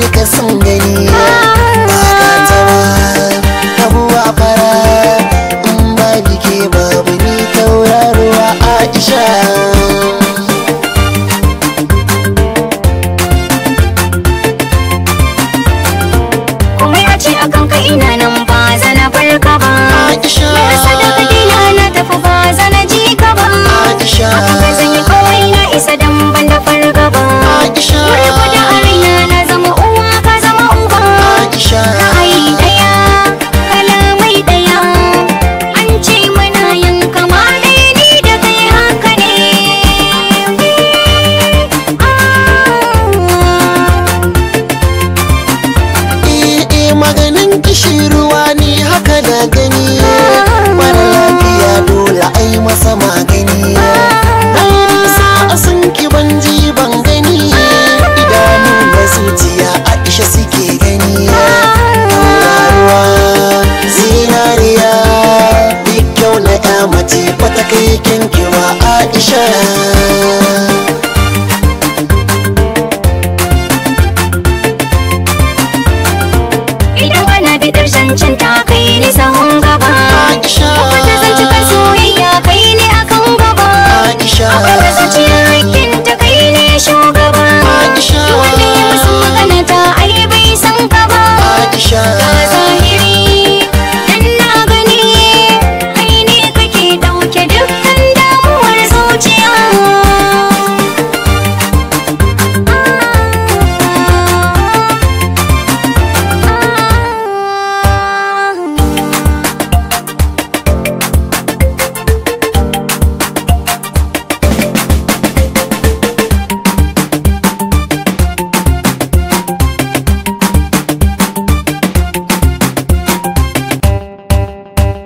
duka sun kai wa aisha idan ana bidar zancen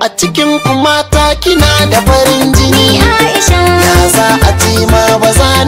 a cikin kuma ta kina da farin jini Aisha ya za a ji ma ba za